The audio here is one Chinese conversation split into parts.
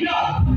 Yeah.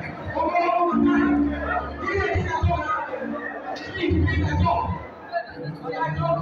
到。